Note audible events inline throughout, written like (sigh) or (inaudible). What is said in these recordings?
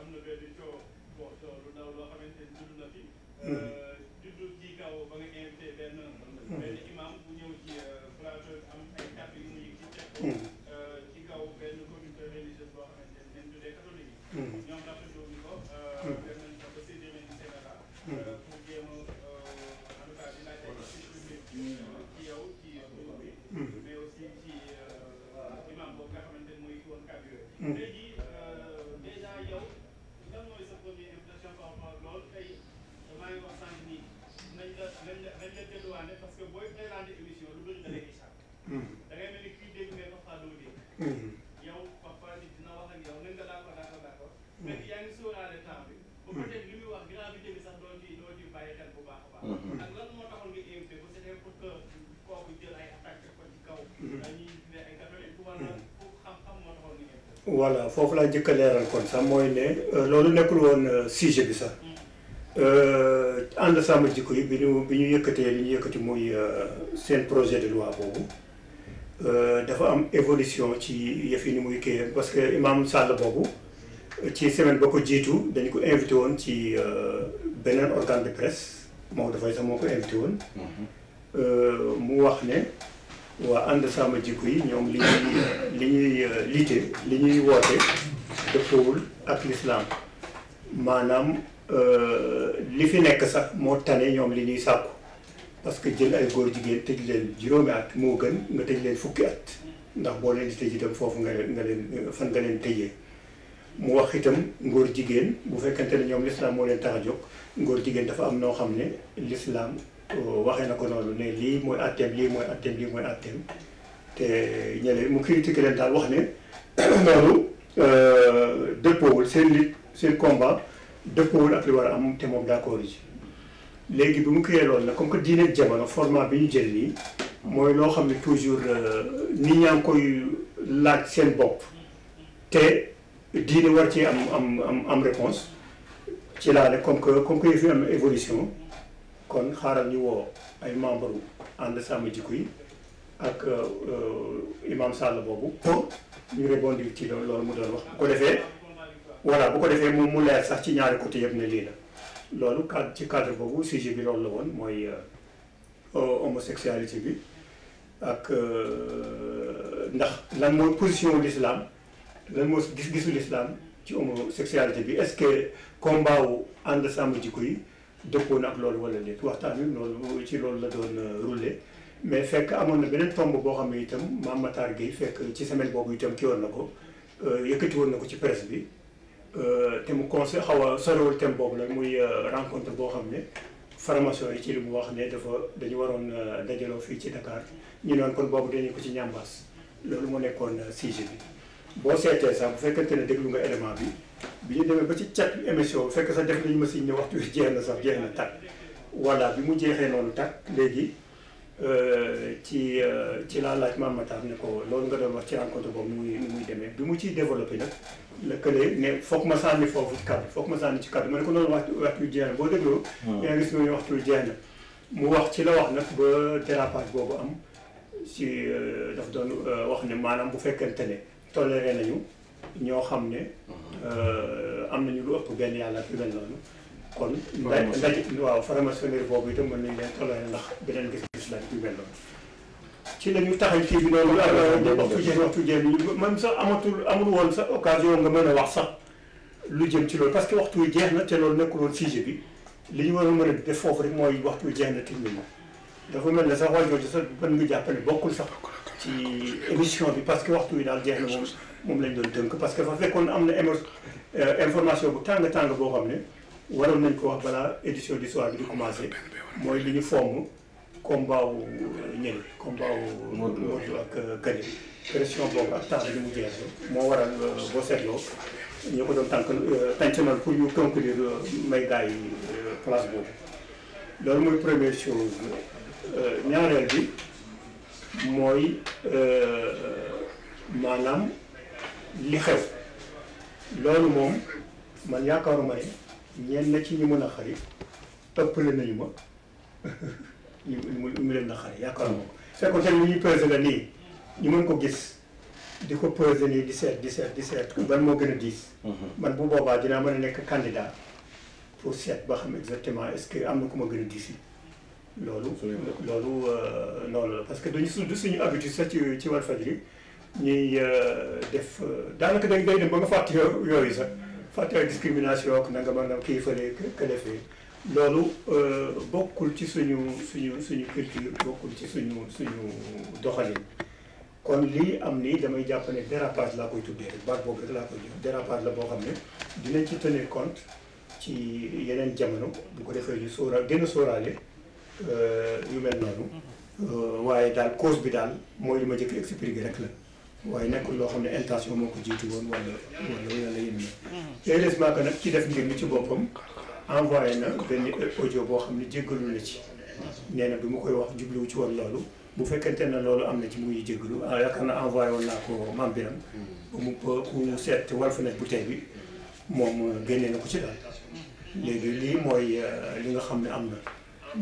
am na benn coow wax lu ndaw loo xamante ni dund na fi. Hmm. fekk yaa ngi wala mhm. mhm. mhm. foofu laa njëkk leeral kon sax mooy ne euh, loolu nekkul woon euh, sujet bi sax. Euh, ànd sàmm jikko yi bi ñu bi ñu yëkkatee li ñu yëkkati muy seen projet de loi boobu dafa am évolution ci yëf yi ni muy kii parce que imam Sall boobu. ci semaine ba ko jiitu dañ ko invité woon ci euh, beneen organe de presse moo dafay sax moo ko invité euh, mu wax ne waa ànd sama jikko yi ñoom li ñuy li ñuy euh, liite li ñuy woote dëppoowul ak lislaam maanaam li fi nekk sax moo tane ñoom li ñuy sàkku parce que jël ay góor jigéen tëj leen juróomi at moo gën nga tëj leen fukki at ndax boo leen di tëj itam foofu nga nga leen fan nga leen tëjee mu wax itam ngóor jigéen bu fekkente ne ñoom lislaam moo leen tax a jóg ngóor jigéen dafa am noo xam ne lislaam euh, waxee na ko noonu ne lii mooy atteem lii mooy atteem lii mooy atteem te ñële mu critiqué leen daal wax ne (coughs) loolu euh, dëppoowul seen lutte seen combat dëppoowul ak li war a am te moom d'accord yi léegi bi mu créé loolu nag comme que diine jamono format bi ñu jël nii mooy loo xam ne toujours euh, nit ñaa ngi koy laaj seen bopp te diine war ci am am am am réponse ci laa ne comme que comme que yëf yi am évolution kon xaaral ñu woo ay membre ànd sàmm jikko yi ak euh, euh, imam Sall boobu pour ñu rebondir ci loolu mu doon wax bu ko defee voilà bu ko defee moom mu leer sax ci ñaari côté yëpp ne lii la loolu cadre ci cadre boobu sujet bi loolu la woon mooy euh, homosexualité bi ak ndax lan mooy position lislaam lan moo gis-gisu lislaam ci homosexualité bi est-ce que combat wu ànd ji jikko yi dëppoo na ak loolu wala déet waxtaan wi loolu ci loolu la doon euh, roulé mais fekk amoon na beneen tomb boo xam ne itam Mame Matar Gueye fekk ci semaine boobu itam ki woon na ko euh, yëkkati woon na ko ci presse bi euh, te mu conseil xaw a sorewul thème boobu la muy rencontre boo xam ne formation yi ci li mu wax ne dafa dañu waroon dajaloo fii ci Dakar ñu noon kon boobu dañu ko ci ñambaas loolu moo nekkoon sujet bi boo seetee sax bu fekkente ne déglu nga élément bi bi ñu demee ba ci cat émission bu fekk sax def nañu ma si ne waxtu bi jeex na sax jeex na tàkk voilà bi mu jeexee noonu tàkk léegi euh, ci euh, ci laa laaj Mame Matar ne ko loolu nga doon wax ci rencontre boobu muy muy demee bi mu ciy développé nag lëkkale ma sànni foofu kaddu foog ma sànni ci kaddu ko loolu waxtu waxtu bi jeex na boo dégloo hmm. yaa gis nañu waxtu jeex na mu wax ci la wax nag ba dérapage boobu am si euh, daf doon wax ne maanaam bu fekkente ne toléré nañu ñoo xam ne mhm. euh, am nañu lu ëpp benn yàlla ak yu mel noonu kon ndaje ndaje waaw franc-maçonnerie boobu itam mën nañ leen toléré ndax beneen gis-gis la yu mel noonu ci la ñu taxaw kii bi noonu waxtu jéem waxtu jéem même sax amatul amul woon sa occasion nga mën a wax sax lu jëm ci loolu parce que waxtu wi jeex na te loolu nekkul woon bi li ñu war a mën a def foofu rek mooy waxtu wi jeex na te ñu dafa mel ne sax wàllu jooju sax ban nga jàppale bokkul sax ci émission bi parce que waxtu wi daal jeex na moom moom lañu doon tënk parce que fa on am na euh, information bu tàng tàng boo xam ne waroon nañ ko wax balaa édition du soir bi di commencé mooy li ñu fomm combat wu ñëli combat wu Modou Lo ak euh, Karim pression boobu ak temps bi mu jeexe moo waral euh, boo seetloo ñu ko doon tànk tàncanal pour ñu conclure may gars yi place boobu loolu mooy première chose ñaareel bi mooy euh, maanaam li xew loolu moom man yaakaaruma ne ñeen na ci ñu mën a xari la nañu ma ñu (laughs) ñu mu leen na xari yaakaaruma ko fekkoon tamit li ñuy nii ñu mën ko gis di ko pesé nii di seet di seet di seet ban moo gën a diis mhm. man bu boobaa dinaa mën a nekk candidat pour seet ba xam exactement est-ce que am na ku ma gën a diis loolu loolu noonu euh, la parce que dañu su du suñu habitude sax ci ci Walfadjri ñuy euh, def euh, daanaka day day dem ba nga fàtte yooyu sax fàtte ay discrimination ak nanga maanaam kii fële ka defee loolu bokkul ci suñu suñu suñu culture bokkul ci suñu suñu doxalin kon lii am nii damay jàpp ne dérapage laa koy tuddee rek baat boobu rek laa koy tuddee la boo xam ne dinañ ci tenir compte ci yeneen jamono bu ko defee ñu sóora gën a Euh, yu mel noonu. Euh, waaye daal cause bi daal mooy li ma jëkk expliqué rek la waaye nekkul loo xam ne intention moo ko jiitu woon wala wala wala yéen ña. nag ci def ngir mi ci boppam envoyé na benn audio boo xam ne jéggalu na ci. nee na bi ma koy wax jubluwu ci woon loolu. bu fekkente ne loolu am na ci mu muy jégalu ah, yaakaar na envoyé woon naa ko maam Biram mu ku seet Walf Net bu bi moom génnee na ko ci daal léegi lii mooy euh, li nga xam ne am na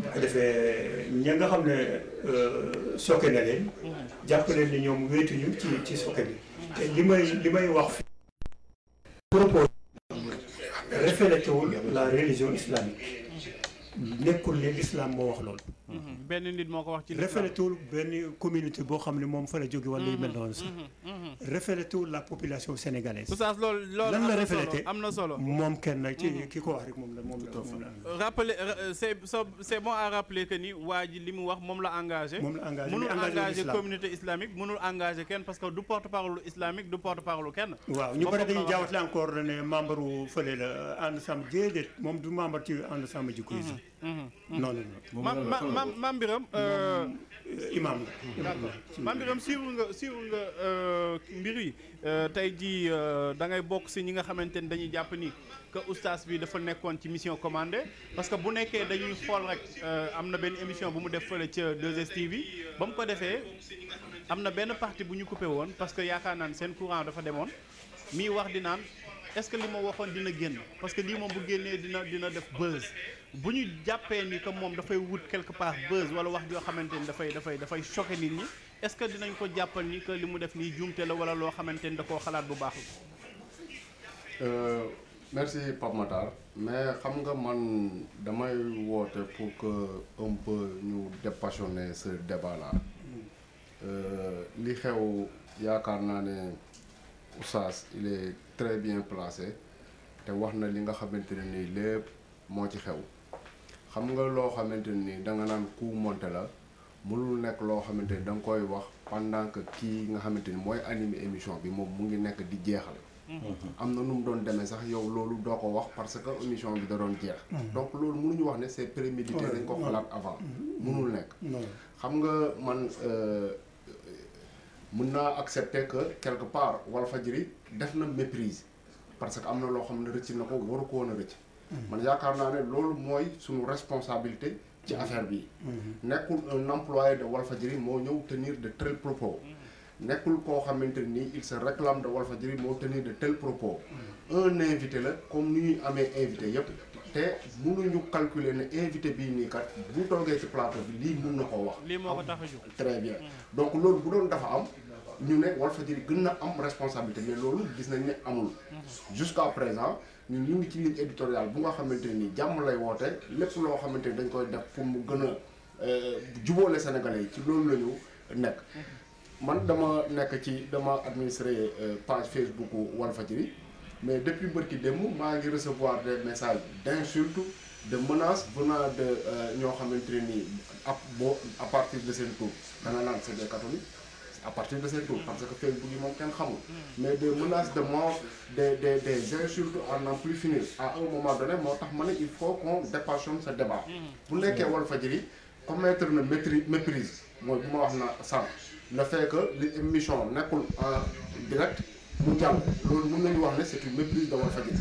bu ko defee ña nga xam ne euh, sokke na leen jàpp leen ni ñoom wéetuñu ci ci sokke bi te li may li may wax fi propos reflété wul la religion islamique nekkul ne islam moo wax loolu. Mhm. benn nit moo ko wax ci. reflétul benn communauté boo xam ne moom fa la jóge wala yu mel mhm. noonu sax. Mhm. reflétul la population sénégalaise. oustaz loolu loolu am na solo am na solo moom kenn ci ki ko wax rek moom la moom la. rappeler euh, c'est c'est bon à rappeler que ni waa ji li mu wax moom la engage moom la engagé mënul engagé communauté islamique mënul engage kenn parce que du porte-parole islamique du porte-parole kenn. waaw ñu bari dañuy jaawatale membre fële la ànd moom du membre ci ànd sàmm Mm-hmm. noonu la ma maam Birame. Euh, imaam la maam Birame siiw nga siiw nga euh, mbir yi euh, tey jii da ngay bokk si ñi nga xamante ni dañuy jàpp ni que oustaz bi dafa nekkoon ci mission commandée parce que bu nekkee dañuy xool rek am na benn émission bu mu def fële ca 2STV ba mu ko defee am na benn partie bu ñu coupé woon parce que yaakaar naan seen courant dafa demoon miy wax di naan est-ce que li ma waxoon dina génn parce que lii moom bu génnee dina dina def buzz. bu ñu jàppee ni que moom dafay wut quelque part buzz wala wax joo xamante ni dafay dafay dafay choquer nit ñi est-ce que dinañ ko jàppal ni que li mu def nii juumte la wala loo xamante ni da koo xalaat bu baax la. Euh, mais xam nga man damay woote pour que ñu dépassionner ce débat euh, li xew yaakaar naa ne Oustaz il est très bien placé te wax na li nga xamante ne nii lépp moo ci xew. xam nga loo xamante nii da nga naan coup monté la mënul nekk loo xamante ni da koy wax pendant que kii nga xamante ni mooy animé émission bi moom mu ngi nekk di jeexale mm-hmm. am na nu mu doon demee sax yow loolu doo ko wax parce que émission bi da doon jeex. Mm-hmm. donc loolu mënuñu wax ne c'est prémédité dañ ko xalaat avant. mënul mm-hmm. nekk. xam nga man euh, mën naa accepter que quelque part Walfadjri def na méprise parce que am na loo xam ne rëcc na ko waru ko woon a rëcc. man yaakaar naa ne loolu mooy suñu responsabilité ci mm-hmm. affaire bi mm-hmm. nekkul un employé de Walfadjri moo ñëw tenir de tels propos mm-hmm. nekkul koo xamante ni il se réclame de Walfadjri moo tenir de tels propos un invité la comme nu ñuy amee invité yépp te mënuñu calculer ne invité bii nii kat bu toogee ci plateau bi lii mun na ko wax lii moo ko tax a très bien donc loolu bu doon dafa am ñu ne Walfadjri gën na am responsabilité mais loolu gis nañ ne amul jusqu'à présent ñun ñu ngi ci ligne éditoriale bu nga xamante ni jàmm lay woote lépp loo xamante ni dañ koy def pour mu gën a euh, jubóole sénégalais yi ci loolu la ñu nekk. man dama nekk ci dama administré euh, page Facebook Walfadjri mais depuis bërki démb maa ngi recevoir des messages surtout de menaces venant de euh, ñoo xamante ni ab boo à partir de seen tour danga naan c'est des à partir de ces parce que Facebook yi moom kenn xamul hmm. mais des menaces de mort des des des insultes à n'en plus finir à un moment donné moo tax ma ne il faut qu'on dépassionne ce débat hmm. bu nekkee Walfadjri commettre na maîtrise méprise mooy bu ma wax na sànq le fait que li émission nekkul en direct mu jàll loolu mën nañu wax ne c'est une méprise de Walfadjri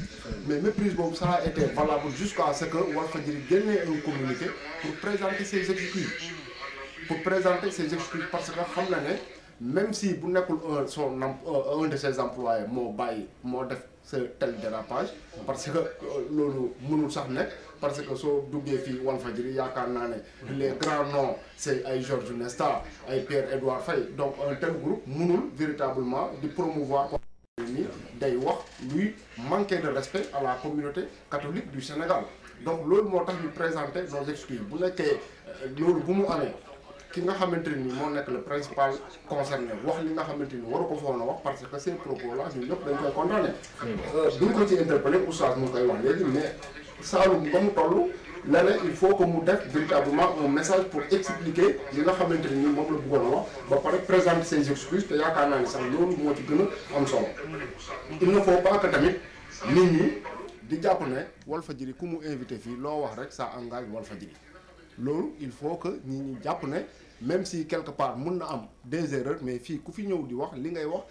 mais méprise boobu ça été valable jusqu'à ce que Walfadjri génnee un communiqué pour présenter ses hmm. pour présenter parce que xam na ne même si bu nekkul un son euh, un de ses employés moo bàyyi moo def ce tel dérapage parce que euh, loolu mënul sax nekk parce que soo duggee fii Walfadjri yaakaar naa ne les grands noms c'est ay Georges Nesta ay Pierre-Edouard Faye donc un tel groupe mënul véritablement di promouvoir ni day wax luy manquer de respect à la communauté catholique du Sénégal donc loolu moo tax ñu présenter nos excuses bu nekkee euh, loolu bu mu amee ki nga xamante ni moo nekk le principal concerné wax li nga xamante ni waru ko foog na wax parce que ces propos là ñëpp dañ koy condamné. bu hmm. ñu ko ci interpellé oustaz mu koy wax léegi mais Saloum ba mu toll la il faut que mu def véritablement un message pour expliquer li nga xamante ni moom la bëggoon a wax ba pare présenter ses excuses te yaakaar naa ni sax loolu moo ci gën a am solo. il ne faut pas que tamit nit ñi di jàpp ne Walfadjri ku mu invité fii loo wax rek ça engage Walfadjri. loolu il faut que ñi ñu jàpp ne même si quelque part mun na am des erreurs mais fii ku fi ñëw di wax li ngay wax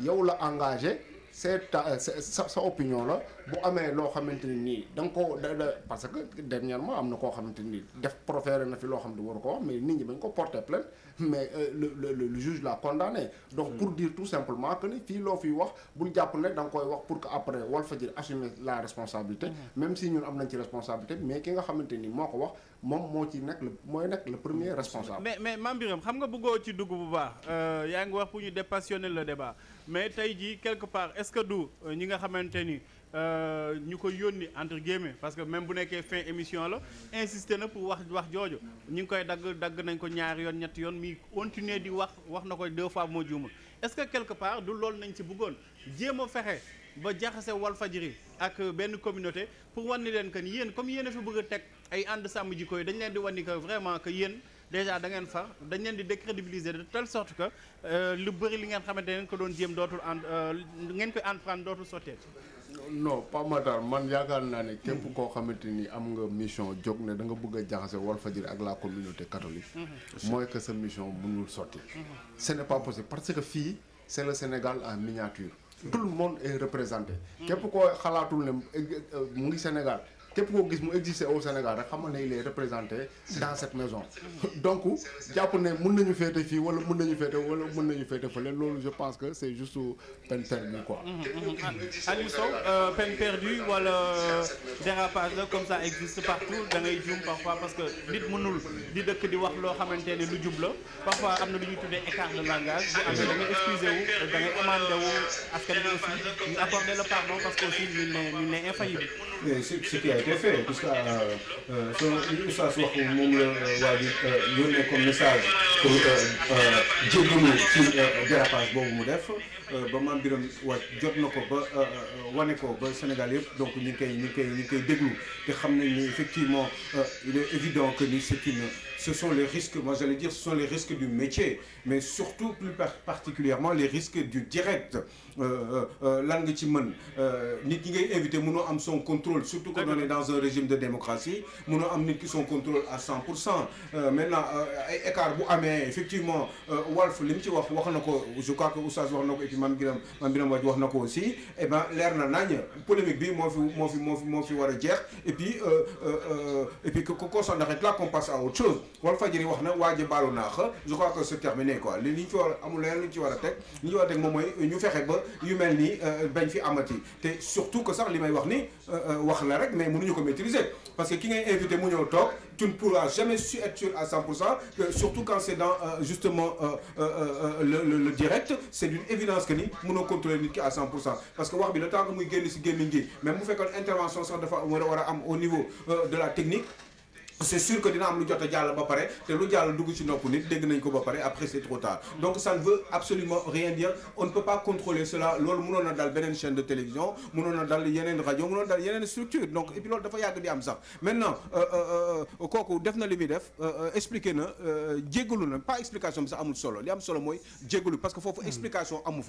yow la engagé c'est ta sa sa opinion la bu amee loo xamante ni nii da nga ko da parce que dernièrement am na koo xamante ni def proféré na fi loo xam ne waru ko wax mais nit ñi bañ ko porté plainte mais euh, le le le juge l'a condamné. donc mm. pour dire tout simplement que ni fii loo fiy wax bul jàpp ne da nga koy wax pour que après Walfadjri assumer la responsabilité. Mm. même si ñun am nañ ci responsabilité mais ki nga xamante ni moo ko wax moom moo ci nekk le mooy nekk le premier mm. responsable. mais mais Mame Birame xam nga bëggoo ci dugg bu baax euh, yaa ngi wax pour ñu dépassionner mais tey jii quelque part est-ce que du euh, ñi nga xamante ni euh, ñu ko yónni entre guillemets parce que même bu nekkee fin émission la insister na pour wax wax jooju ñu ngi koy dagg dagg nañ ko ñaari yoon ñetti yoon mii continuer di wax wax na ko deux fois moo juumul est-ce que quelque part du loolu nañ ci bëggoon jéem a fexe ba jaxase Walfadjri ak benn communauté pour wan ni leen que ni yéen comme yéen fi bëgg a teg ay ànd sàmm jikko yi dañ leen di wan ni vraiment que yéen déjà da ngeen sax dañ leen di décrédibiliser de telle sorte que euh, lu bëri li ngeen xamante ne ko doon jéem dootul en euh, ngeen koy entreprendre dootul sottee non pas Matar man yaakaar naa ne képp koo xamante ni am nga mission jóg ne da nga bëgg a jaxase Walfadjri ak la communauté catholique. Mm-hmm. mooy que sa mission mënul sotti. Mm-hmm. ce n'est parce que fii c'est Sénégal en miniature. tout le monde est représenté. Mm-hmm. képp ko xalaatul ne euh, mu ngi Sénégal. képp koo gis mu exister au Sénégal rek xamal ne il est représenté dans cette maison donc jàpp ne mun nañu féete fii wala mun nañu féete wala mën nañu féete fële loolu je pense que c'est juste peine perdue quoi. Mm-hmm, mm-hmm. Aliou Sow euh, peine wala euh, dérapage la comme ça existe partout da ngay parfois parce que nit mënul di dëkk di wax loo xamante ne lu jub la parfois am na lu ñuy tuddee écart de langage bu amee da ngay excusé wu da ngay amandé wu askan bi aussi ñu accordé le pardon parce que aussi ñu ne ñu été fait puisque euh, euh, sunu ustaas wax moom la waa ji euh, yónnee comme message boobu mu def Euh, ba maam Birame wàcc jot na ko ba euh, euh, wane ko ba yëpp donc ñu ngi koy ñu ngi koy ñu ngi koy déglu te xam nañ ni effectivement il est évident que ni c'est une ce sont les risques du métier mais surtout plus particulièrement les risques du direct lan nga ci mën nit ñi ngay invité mënoo am son contrôle surtout quand on est dans un régime de démocratie mënoo am nit ki son contrôle à maintenant ay écart bu effectivement Walf li mu ci wax wax na je crois que Oustaz wax na ko Mame Birame Mame Birame Wathie wax na ko aussi et eh leer na nañ polémique bi moo fi moo fi moo fi moo fi war a jeex et puis euh, euh, et puis que qu'on s'en arrête là qu'on passe à autre chose Walfadjri wax na waaje baalu naax je crois que c'est terminé quoi li ñu ci war a amul leneen ñu ci war a teg li ñu war a teg moom mooy ñu fexe ba yu mel nii euh, bañ fi amati te surtout que sax li may wax nii Euh, wax la rek mais mënuñu ko maîtriser parce que ki ngay invité mu ñëw toog tu ne pourras jamais su être sûr à 100 pour cent euh, surtout quand c'est dans euh, justement le le direct c'est d'une évidence que ni mënoo contrôler nit ki à 100 pour cent parce que wax bi le temps que muy génn si gémmiñ gi mais mu fekkoon intervention sax dafa war a am au niveau de la technique c'est sûr que dina am lu jot a jàll ba pare te lu jàll dugg ci nopp nit dégg nañ ko ba pare après c'est trop tard donc ça ne veut absolument rien dire on ne peut pas contrôler cela loolu mënoon na dal beneen chaîne de télévision mënoon na dal yeneen rajo mënoon na dal yeneen structure donc et dafa yàgg di am sax maintenant euh, euh, euh, kooku def na li muy def expliqué na jéggalu na pas explication bi sax amul solo li am solo mooy jéggalu parce que foofu hmm. explication hmm.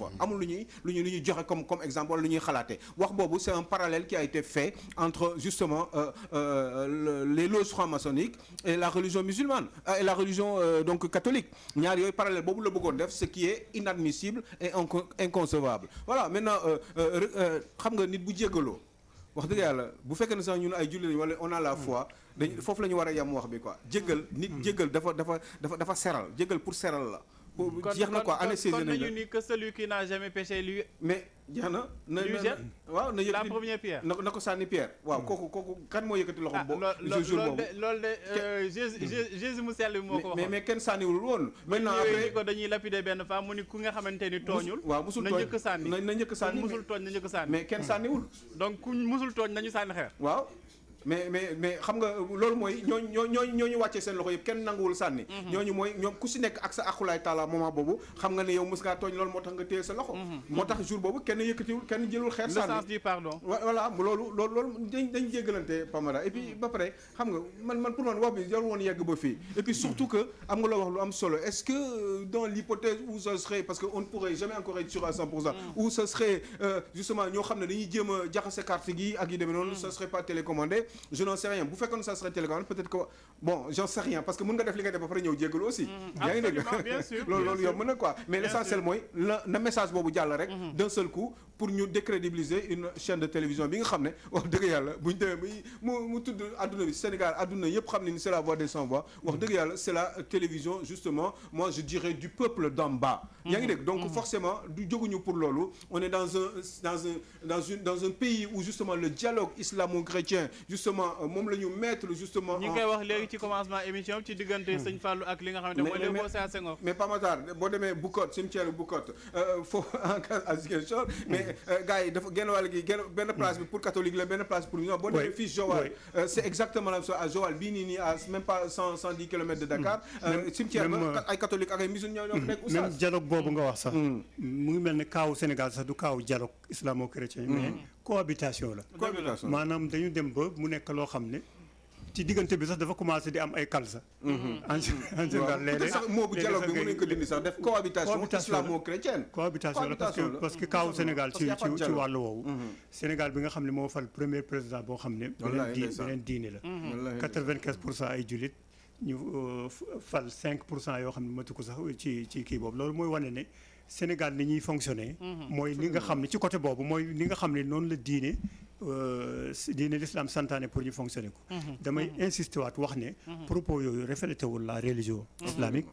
a été fait entre justement euh, euh, les loges maçonnique et la religion musulmane euh, et la religion euh, donc catholique ñaar yooyu parallèle boobu la bëggoon def ce qui est inadmissible et inconcevable voilà maintenant euh, euh, xam nga nit bu jéggaloo wax dëgg yàlla bu fekkee ne sax ñun ay julli lañu wala on a la foi foofu la ñu war a yem wax bi quoi jéggal nit jéggal dafa dafa dafa dafa seral jéggal pour seral la jeex na quoi anesthésié nañ la ni que celui qui n'a jamais péché lui. mais jeex na. na waaw na yëkkati na ko sànni pierre. waaw hmm. kooku kooku kan moo yëkkati loxoom. Ah, boobu jour de euh, hmm. Jésus Jésus mu sell bi moo ko waxoon. mais mais kenn sànniwul woon. maintenant après ko dañuy lapider benn femme mu ni ku nga xamante ni tooñul. waaw musul tooñ na njëkk sànni na njëkk sànni musul tooñ na njëkk sànni. mais kenn hmm. sànniwul. donc ku musul tooñ nañu sànni xeer. mais mais mais xam nga loolu mooy ñooñu ñoo ñoo wàccee seen loxo yëpp kenn nanguwul sànni. Mhm. ñooñu mooy ñoom ku si nekk ak sa akulaay taala moment boobu xam nga ne yow mës ngaa tooñ loolu moo tax nga téye sa loxo. Mhm. Mhm. moo tax kenn yëkkatiwul kenn jëlul xeer sànni. le xam nga man man pour man wax bi woon yegg ba fii. et puis surtout que solo est-ce que euh, dans l'hypothèse où que on euh, justement ñoo xam ne dañuy jéem a jaxase carte gi ak yu demee noonu. ce serait pas télécommandé je n'en sais rien bu fekkoon ça serait télécommande peut-être que bon j'en sais rien parce que mën nga def li nga def ba pare ñëw jéggalu aussi mm-hmm. yaa ngi (laughs) loolu loolu na quoi mais l'essentiel mooy na message boobu jàll rek mm-hmm. d'un seul coup pour ñu décrédibiliser une chaîne de télévision bi nga xam ne wax dëgg yàlla mu mu tudd adduna bi Sénégal adduna yëpp xam ni c'est la voix des sans voix mm-hmm. wax yàlla c'est la télévision justement moi je dirais du peuple d'en bas yaa ngi dégg donc forcément du jóguñu justement euh, moom la ñu mettre justement. ñi ngay wax léegi ci commencement émission ci diggante hmm. sëñ Fallou ak li nga xamante mooy. mais mais mais Pape Matar euh, (laughs) hmm. euh, yi dafa genn benn place bi pour benn place pour. oui boo demee fii Joal. c' est exactement la même chose à boobu nga wax sax. Hmm. mu ngi mel ne kaawu Sénégal sax du kaaw dialogue islamo-chrétien mais cohabitation la. cohabitation maanaam dañu dem ba mu nekk loo xam ne. ci diggante bi sax dafa commencé di am ay kalsa. Mm-hmm. en général léeg-léeg sax moo bu bi mën nañu ko dindi sax def cohabitation islamo parce que kaaw mm-hmm. Sénégal ci ci woowu. Mm-hmm. Sénégal bi nga xam ne moo fal premier président boo xam ne. beneen diine la. quatre-vingt-quinze pour cent ay jullit. ñu euh, fal cinq pour cent yoo xam ne matu ko sax ci kii boobu loolu mooy wane ne. Sénégal ni ñuy fonctionner. Mhm. mooy li nga xam ne ci côté boobu mooy li nga xam ne noonu la diine euh, diine l'islam santane pour ñu fonctionner ko. Mhm. damay mhm. insister waat wax ne. propos yooyu reflété la religion islamique.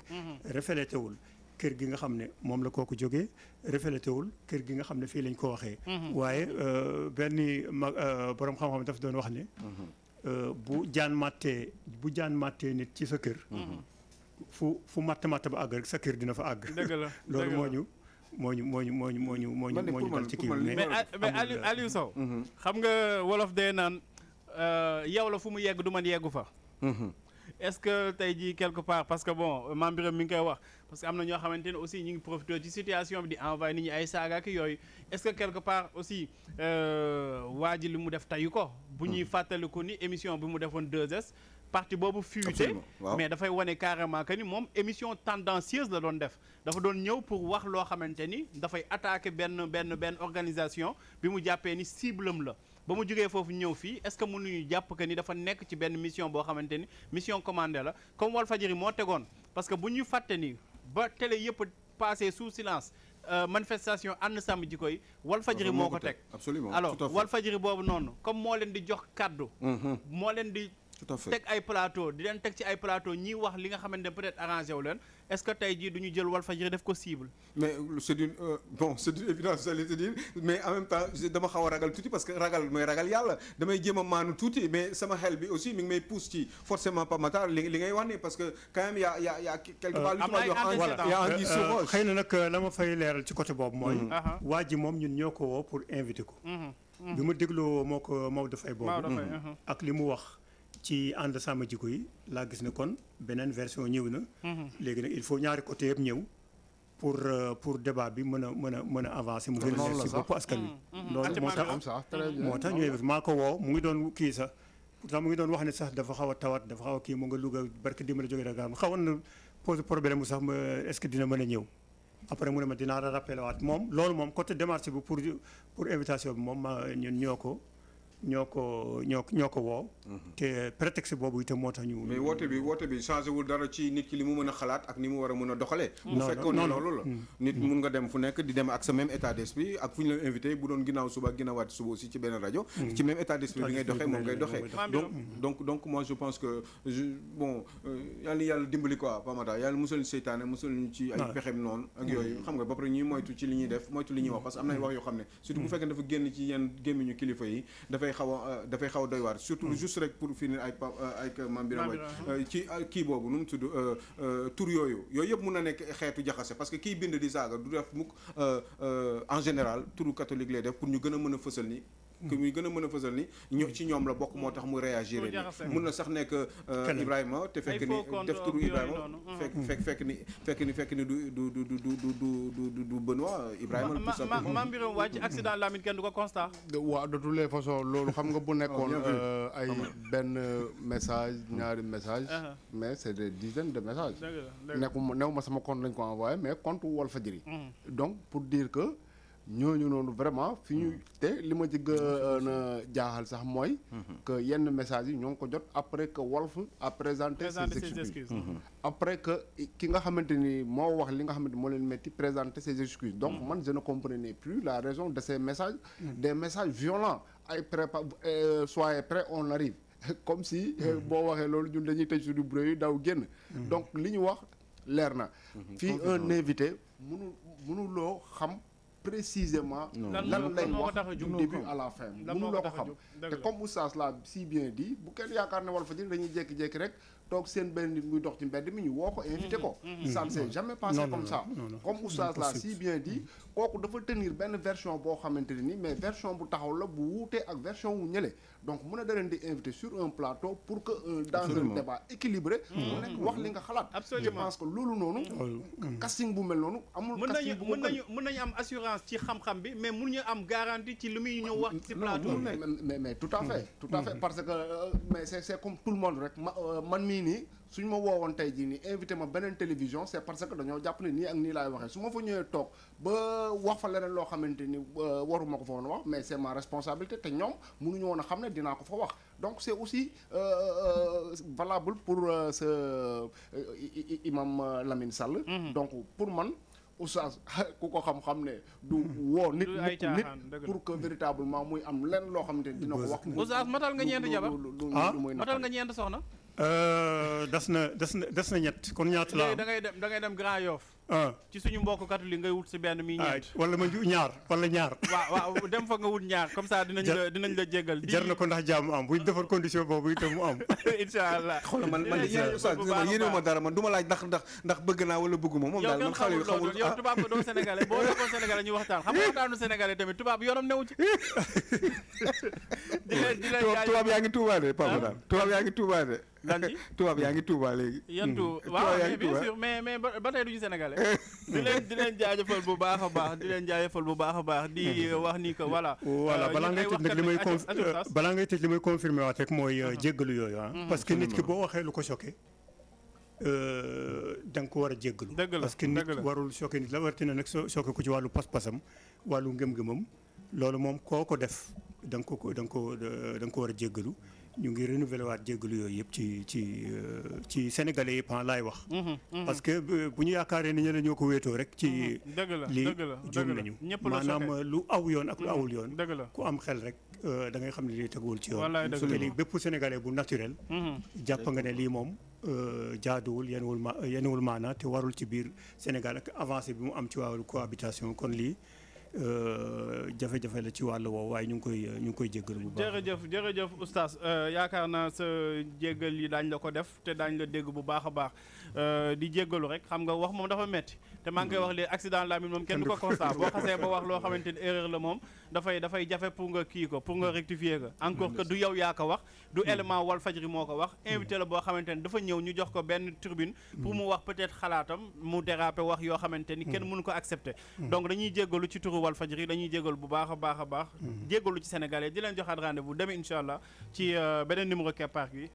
reflété wul kër gi nga xam ne moom la kooku jógee reflété wul kër gi nga xam ne fii lañ ko waxee. waaye euh, benn ma euh, borom xam-xam daf doon wax ne. bu jaan màttee bu jaan màttee nit ci sa kër. fu fu matt matt ba àgg rek sa kër dina fa àgg. dëgg la (laughs) loolu moo ñu moo ñu moo ñu moo ñu moo ñu moo ñu moo ñu dal ci kii mais Aliou Aliou Sow mm-hmm. xam nga wolof dee naan euh, yow la fu mu yegg du man yeggu fa. Mm-hmm. est-ce que tey jii quelque part parce que bon maam mi ngi koy wax parce que am na ñoo xamante ne aussi ñu ngi profité ci situation bi di envoyé nit ñi ay saaga ak yooyu est-ce quelque part aussi euh, waa ji li mu def tayu ko. bu ñuy mm-hmm. fàttaliku ni émission bi mu defoon 2S. parti boobu fuité mais dafay wane carrément que ni moom émission tendancieuse la doon def dafa doon ñëw pour wax loo xamante ni dafay attaquer benn benn benn organisation bi mu jàppee ni ciblem la ba mu jógee foofu ñëw fii est-ce que mënuñu jàpp que ni dafa nekk ci benn mission boo xamante ni mission commandée la comme Walfadjri moo tegoon parce que bu ñu fàtte ni ba télé yëpp passé sous silence Euh, manifestation ànd sàmm jikko yi Walfadjri moo ko teg absolument alors Walfadjri boobu noonu comme moo leen di jox kàddu mm-hmm. tout à fait teg ay plateau di leen teg ci ay plateau ñiy wax li nga xamante ne peut-être arrangé leen est-ce que tey du ñu jël Walfadjri def ko cible. mais c'est une euh, mais dama xaw a ragal tuuti parce que ragal mooy ragal yàlla damay jéem a maanu tuuti mais sama xel bi aussi mi may pousse ci forcément pas li ngay wax ne parce que quand même y a y a a quelque part euh, lu tubaab di wax voilà euh, euh, xëy na nag ma mm-hmm. uh-huh. ko woo mm-hmm. Mm-hmm. ma dégloo moo ko Maodo Faye boobu uh-huh. ak li mu wax ci ànd sàmm jikko yi laa gis ne kon beneen version ñëw na. Mhm. léegi nag il faut ñaari côté yëpp ñëw. pour euh, pour débat bi mën a mën a mën a avancer. mu a si bopp askan wi. Mhm, mhm. loolu moo moo tax ñu maa ko mu ngi doon kii sax pourtant mu ngi doon wax ne sax dafa xaw a tawat dafa xaw a kii mu nga Louga barke dimbali jógee Dakar mu xawoon na pose problème mu sax est-ce que dina mën a ñëw. après mu ne ma dinaa rappelé waat moom loolu moom côté démarche bi pour pour invitation bi moom ma ñoo ko. ñoo ko ñoo ko woo. Mhm. te prétexte boobu itam moo tax ñu. mais woote bi woote bi changé wul dara ci nit ki li mu mën a xalaat ak ni mu war a mun a doxalee. bu fekkoon ne loolu la. Mm. Mm. nekk di dem ak sa même état ak fu ñu bu doon ginnaaw suba ginnawaati suba aussi ci benn rajo. Mm. ci même moom ngay doxee. donc donc donc moi je pense que je bon euh, yal na yàlla dimbali quoi Pamada ñu def moytu li ñuy wax parce que am na ay wax dafa génn ci yenn gémmiñu kilifa yi dafay dafay xaw a euh, dafay xaw doy waar surtout hmm. juste rek pour finir ay euh, ay Mame Birame Wathie euh, ci kii boobu nu mu tudd tur yooyu yooyu yëpp mun na nekk xeetu jaxase parce que kii bind di saaga du def mukk en général turu catholique lay def pour ñu gën a mën a fësal ni que muy gën a mën a fësal ni ño ci ñoom la bokk moo tax mu réagir ni mun na sax nekk euh, Ibrahima te fekk ni def turu Ibrahima fekk mm. fekk fekk ni fekk ni fekk ni du du du du du du du du Benoît Ibrahima tout simplement Mame Birame waa ci accident Lamine kenn du ko constat waaw de toutes les façons loolu xam nga bu nekkoon oh, euh, ay benn message ñaari message uh-huh. mais c'est des dizaines de messages nekku new ma sama compte lañ ko envoyé mais compte Walfadjri mm. donc pour dire que ñooñu noonu vraiment fi ñu te li ma ci gën euh, jaaxal sax mooy. Mhm. que yenn message yi ñoo ngi ko jot après que Walf a présenté ses excuses mhm. Mhm. après que ki nga xamante ni moo wax li nga xamante moo leen metti présenté ses excuses donc man je ne comprenais plus la raison de ces message des messages violents ay prépa euh, soyez près on arrive (laughs) comme si. Euh, boo waxee loolu ñun dañuy tëj suñu bureau yi daw génn. donc li ñu wax leer na. fii un invité mënu mënuloo xam. précisément. lan lañ wax du à la fin. mënu loo ko xam te comme oustaz la si bien dit bu kenn yaakaar ne Walfadjri dañuy jékki-jékki rek toog seen benn nit muy dox ci mbedd mi ñu woo ko invité ko. Mm-hmm. Mm-hmm. ça ne mm-hmm. jamais passé comme ça. comme oustaz la si bien dit kooku dafa tenir benn version boo xamante ne ni mais version bu taxaw la bu wuutee ak version wu ñële donc mën a da leen di invité sur un plateau pour que euh, dans un débat équilibré. mu nekk wax li nga xalaat. je pense que compétence ci xam-xam bi mais mënuñu am garantie ci li muy ñëw wax ci plateau mais tout à fait tout à mm-hmm. fait parce que euh, mais c'est comme tout le monde rek ma euh, man mii nii suñ ma woowoon tey jii nii invité ma beneen télévision c'est parce que dañoo jàpp ne nii ak nii laay waxee su ma fa ñëwee toog ba wax fa leneen loo xamante ni euh, waruma ko fa wax mais c'est ma responsabilité te ñoom mënuñu woon a xam ne dinaa ko fa wax donc c'est aussi valable pour sa imam Lamine Sall mm-hmm. oustaz ku ko xam-xam ne du woo nit nit pour que véritablement muy am lenn loo xam ne dina ko wax oustaz matal nga ñeent jabar ah matal nga ñeent soxna des na des na des na ñett kon ñaata la da ngay dem da ngay dem Grand yoof Ah. ci suñu mbokk catholique ngay wut si benn mi ñeent wala ma ñaar wala ñaar (laughs) waa waaw dem fa nga wut ñaar comme ça dina la dinañ la jégal jar na ko ndax jàmm am bu defar condition boobu itam mu am (laughs) incha ma dara man du ma laaj ndax ndax ndax bëgg naa wala bëgguma moom daal man xale yu xamul ah. yow tubaab nga doo sénégalais boo nekkoon sénégalais ñu waxtaan xam nga waxtaanu sénégalais tamit tubaab yoonam newu ci (laughs) di leen ah? tubaab yaa ngi tuubaade Pape daal tubaab yaa ngi tuubaade lan di (laughs) tubaab yaa ngi Touba léegi. yan hmm. waaw mais bien sûr mais mais ba tey ñu sénégalais. (laughs) di leen di leen jaajëfal bu baax a baax di leen jaajëfal bu baax a baax di hmm. wax nii ko voilà. (laughs) voilà euh, balaa ngay tëj nag li may conf euh, balaa ngay tëj li may confirmer waat rek mooy euh, uh-huh. jéggalu yooyu ah. parce que nit ki boo waxee lu ko choqué. da nga ko war a jéggalu. dëgg la parce que nit warul choqué nit la rawatina nag soo choqué ko ci wàllu pas-pasam wàllu ngëm-ngëmam loolu moom koo ko def da nga ko danga ko danga ko war a jéggalu ñu ngi renouveler waat jéggalu yooyu yëpp ci ci euh, ci sénégalais yi pan ah, laay wax. Mm-hmm, mm-hmm. parce que euh, bu ñu yaakaaree ni ñu la ñoo ko wéetoo rek. ci mm-hmm. lii juum nañu maanaam lu aw yoon ak lu awul yoon. ku am xel rek euh, da ngay xam ne lii teguwul ci yoon. su dee lii bépp sénégalais bu naturel. jàpp nga ne lii moom. jaaduwul yenuwul ma yenuwul maana te warul ci biir Sénégal ak avancé bi mu am ci wàllu cohabitation kon lii. Euh, jafe-jafe la ci wàll woowu waaye ñu ngi koy ñu ngi koy jéggal bu baax jërëjëf jërëjëf oustaz euh, yaakaar naa sa jéggal yi daañ la ko def te daañ la dégg bu baax a baax euh, di jéggalu rek xam nga wax moom dafa metti te maa ngi koy wax mm-hmm. léegi accident la moom kenn du ko constat (laughs) boo xasee ba wax loo xamante ni erreur la moom dafay dafay jafe pour nga kii ko pour nga rectifier ko encore que du yow yaa ko wax du hmm. élément wal fajri moo ko wax hmm. invité la boo xamante ni dafa ñëw ñu jox ko benn tribune pour mu hmm. wax peut-être xalaatam mu déraper wax yoo xamante ni kenn mënu ko accepté donc dañuy jéggalu ci turu wal fajri dañuy jéggalu bu baax a baax a baax jéggalu ci sénégalais di leen joxaat rendez bu demee incha allah ci euh, beneen numéro keppaar gi